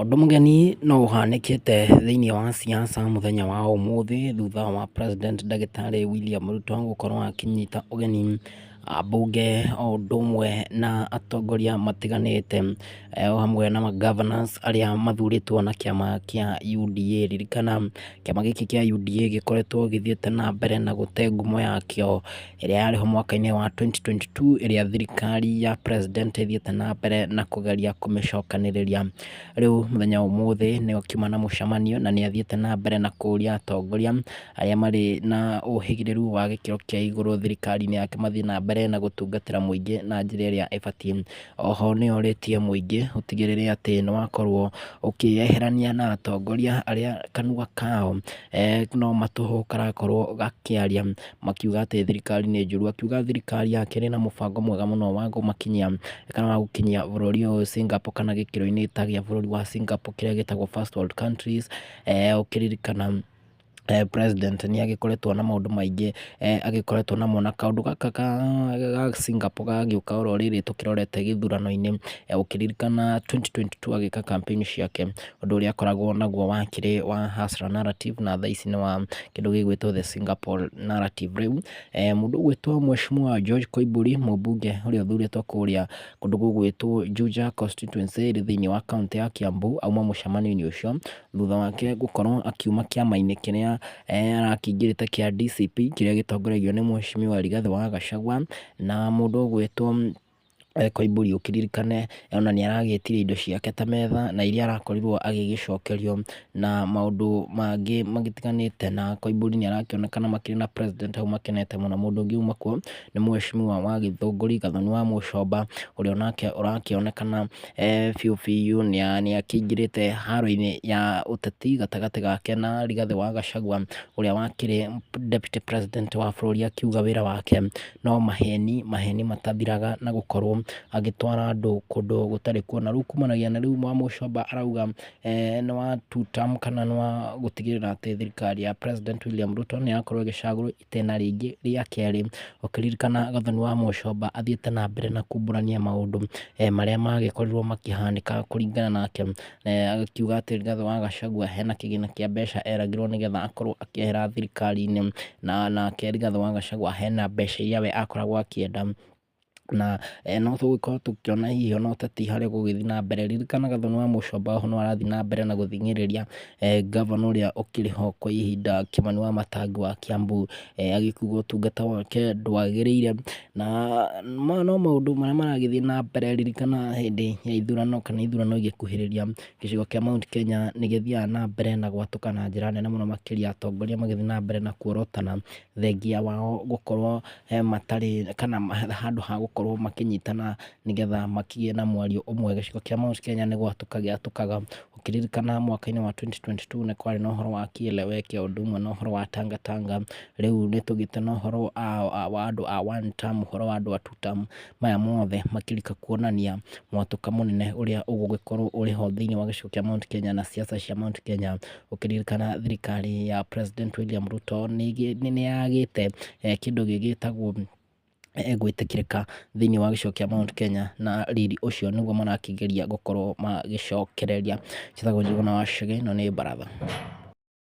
Ũndũ mũgeni no ũhanĩkĩte thĩinĩ wa siasa mũthenya wa ũmũthĩ thutha wa President ndagĩtarĩ William Ruto gũkorwo akĩnyita ũgeni. ambunge o ũndũ ũmwe na atongoria matiganĩte e, o hamwe na ma governors arĩa mathurĩtwo na kĩama kĩa UDA. Ririkana kĩama gĩkĩ kĩa UDA gĩkoretwo gĩthiĩte na mbere na gũte ngumo yakĩo ĩrĩa yarĩ ho mwaka-inĩ wa 2022 ĩrĩa thirikari ya president ĩthiĩte na mbere na kũgeria kũmĩcokanĩrĩria. Rĩu mũthenya wa ũmũthĩ nĩokiuma na mũcemanio na nĩathiĩte na mbere na kũria atongoria arĩa marĩ na ũhĩgĩrĩru wa gĩkĩro kĩa igũrũ thirikari-inĩ yake mathiĩ na mbere mbere na gutungatira muingi na njira iria ibatie oho ni oritie muingi utigirire ati ni wakorwo ukieherania na atongoria aria kanua kao e, no matũhũ karakorwo gakĩaria makiuga atĩ thirikari nĩ njũru akiuga thirikari yake ĩrĩ na mũbango mwega mũno wa kũmakinyia kana wa gũkinyia bũrũri ũyũ Singapore kana gĩkĩro-inĩ ta gĩa bũrũri wa Singapore kĩrĩa gĩtagwo first world countries e, ũkĩririkana eh, president nĩ agĩkoretwo na maũndũ maingĩ eh, agĩkoretwo namo na kaũndũ gaka ga Singapore gagĩũka oro rĩrĩ tũkĩrorete gĩthurano-inĩ eh, ũkĩririkana 2022 agĩka campaign ciake ũndũ ũrĩa akoragwo naguo wakĩrĩ wa hasra narrative na thaa ici nĩ wa kĩndũ gĩgwĩtwo the Singapore narrative eh, rĩu mũndũ mweshimu wa George koiburi Koimburi mũmbunge ũrĩa ũthurĩtwo kũrĩa kũndũ gũgwĩtwo Juja constituency ĩrĩ thĩinĩ wa kaũntĩ ya Kiambu auma mũcemanio-inĩ ũcio thutha wake gũkorwo akiuma kĩama-inĩ kĩrĩa arakĩingĩrĩte eh, kĩa DCP kĩrĩa gĩtongoragio nĩ mũhecimiwa Rigathĩ wa Gachagua na mũndũ ũgwĩtwo Koimbũri ũkĩririkane ona nĩ aragĩtirie indo ciake ta metha na iria arakorirwo agĩgĩcokerio na maũndũ mangĩ magĩtiganĩte na Koimbũri nĩ arakĩonekana makĩrĩ na president hau makenete mũno. Mũndũ ũngĩ uma kuo nĩ Mheshimiwa wa Gĩthũngũri Gathoni wa Mũcomba ũrĩa onake ũrakĩonekana biũ e, biũ nĩ akĩingĩrĩte haro-inĩ ya ũteti gatagatĩ gake na Rigathĩ wa Gachagua ũrĩa wakĩrĩ deputy president wa bũrũri akiuga wĩra wake no maheni, maheni matathiraga na gũkorwo agitwara andũ kundu gutari kuona rĩu kumanagia na rĩu mwa Coba arauga eh, nĩ wa two kana nĩ wa gũtigĩrĩra atĩ thirikari ya President William Ruto nĩ yakorwo ĩgĩcagũrwo itena ringi rĩa keri ũkĩririkana Gathoni wa Mũcoba athiĩte na mbere na kumbũrania maũndũ eh, marĩa magĩkorirwo makĩhanĩka kũringana nake eh, agĩkiuga ati gatho wa Gachagua hena kĩgĩna kĩa mbeca eragirwo nĩgetha akorwo akĩehera thirikari-inĩ na nake gatho wa Gachagua hena mbeca iria we akoragwo akĩenda na eh, no tũgũkorwo tũkĩona hihi ona ũteti harĩ gũgĩthiĩ na mbere ririkanaga Thornĩ wa Mũchomba oho nĩwarathiĩ na mbere na gũthing'ĩrĩria eh, ngavana ũrĩa ũkĩrĩ ho kwa ihinda Kĩmani Wamatangi wa Kiambu eh, agĩkuga ũtungata wake ndwagĩrĩire na no maũndũ marĩa maragĩthiĩ na mbere ririkana hĩndĩ ya ithurano kana ithurano igĩkuhĩrĩria gĩcigo kĩa Mount Kenya nĩgĩthiaga na mbere na gwatũka na njĩra nene mũno makĩria atongoria magĩthiĩ na mbere na kuorotana thengia wao gũkorwo matarĩ kana handũ ha gũkorwo magakorwo makinyitana nigetha makĩgĩe na mwario ũmwe. gicigo kia Mt Kenya ni nĩ gwatũkagĩatũkaga ũkĩririkana mwaka-inĩ wa 2022 nĩ kwari na ũhoro wa kieleweke ũndũ ũmwe na ũhoro wa Tanga tangatanga, rĩu nĩ tũgĩte na ũhoro wa andũ a one term, ũhoro wa andũ a two term, maya mothe makĩrika kuonania mwatũka mũnene ũrĩa ũgũgĩkorwo uri ho thĩinĩ wa gicigo kia Mt Kenya na siasa cia Mt Kenya, ũkĩririkana thirikari ya President William Ruto ni ni yagite eh, kĩndũ gĩgĩtagwo egwĩtĩkĩrĩka eh, thĩinĩ wa gĩcigo kĩa Mount Kenya na riri ũcio nĩguo marakĩgeria gũkorwo magĩcokereria. Njĩtagwo Njuguna Wachege, ĩno nĩ Baratha.